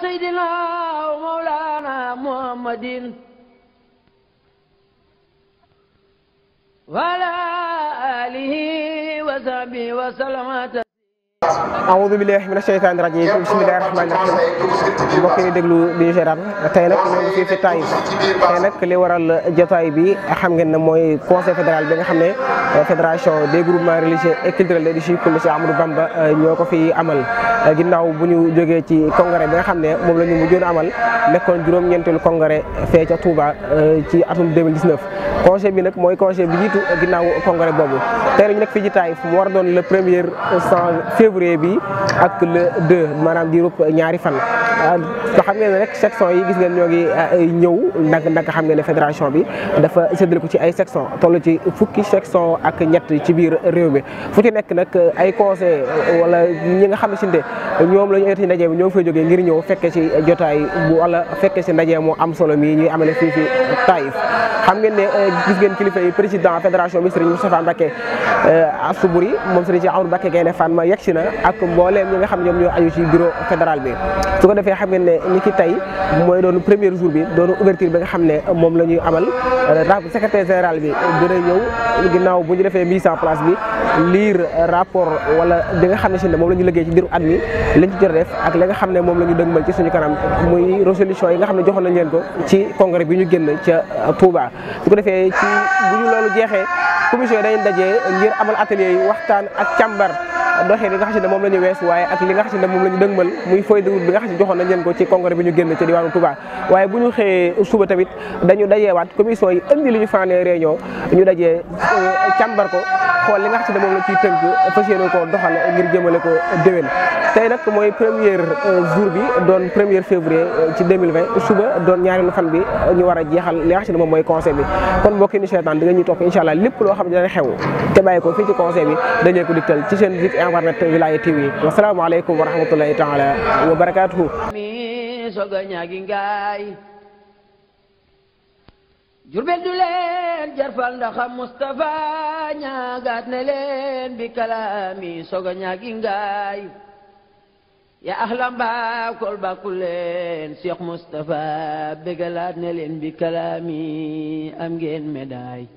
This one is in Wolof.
سيدنا ومولانا محمد وعلى آله وصحبه وسلم awuzu billaahi mina sheytaani rajiim bismillaahi rahmaani rahiim mbokk yi déglu di ñu seetaan tey nag ñoo ngi fii fi Taïf tey nag li waral jotaay bi xam ngeen ne mooy conseil fédéral bi nga xam ne euh, fédération des groupements religieux et culturels di Cheikh Ahmadou Bamba euh, ñoo ko fi amal euh, ginnaaw bu ñu jógee ci congrès ba nga xam ne moom la ñu mujjoon amal nekkoon juróom-ñeenteelu congrès fee ca Touba ci atum 2019 conseil bi nag mooy conseil bi jiitu ginnaaw congrès boobu tey nag ñu nekk fii bi ak le 2 maanaam diirub ñaari fan. te xam ngeen ne rek section yi gis ngeen ñoo ngi euh, ñëw nag nag xam ngeen ne fédération bi dafa séddale ko ci ay section toll ci fukki section ak ñett ci biir réew mi fu ci nekk nag euh, ay conseil euh, wala ñi nga xam ne sinte ñoom la ñu bi ñoo ngi fay ngir ñëw fekke ci jotaay wala fekke ci ndaje moo am solo mi ñuy amale fii fi Taïf xam ngeen ne gis ngeen kilifa yi président fédération bi Serigne Moustapha Mbacké Asuburi moom Serigne si Amadou Mbacké Gaynde Fatma yegg si na ak mbooleem ñi nga xam ñoom ñoo aju ci bureau fédéral bi defee xam ngeen ne ni ki tey mooy doon premier jour bi doon ouverture bi nga xam ne moom la ñuy amal secrétaire général bi gën a ñëw ginnaaw bu ñu defee mise en place bi lire rapport wala di nga xam ne si ne moom la ñu liggéey ci diiru at mi lañ ci jot def ak li nga xam ne moom la ñu dëgmal ci suñu kanam muy résolution yi nga xam ne joxoon nañ leen ko ci congrès bi ñu génn ca Touba su ko defee ci bu ñu loolu jeexee commission yi dañuy daje ngir amal atelier yi waxtaan ak càmbar doxee li nga xam moom la ñu weesu waaye at li nga xam ne moom la ñu dëgmal muy feuille de route bi nga xam ne joxoon nañ leen ko ci congrès bi ñu génn ca diwaanu Touba waaye bu ñu xëyee suba tamit dañu dajeewaat commission yi indi li ñu fanaanee réunion ñu dajee euh, càmbar ko xool li nga xam ne moom la ciy tënk fas yéene koo doxal jëmale ko déwén tey nag mooy premier euh, jour bi doon première février euh, ci 2020 suba doon ñaareelu fan bi euh, ñu war a jeexal li nga xam ne moom mooy conseil bi kon mbokk yi ñu seetaan di nga topp incha allah lépp loo xam ne dana xew te bàyyi ko fii ci conseil bi dañee ko digtal ci seen Zik Internet Wilaya TV wasalaamaaleykum wa rahmatulahi taala wa du leen jarfal ndaxam Mustafa Tuubaa ñaagaat na leen ngaayu ya ahla mbaakol bàkku leen Cheikh Moustapha bégalaat na leen bi kalaami am ngeen médaille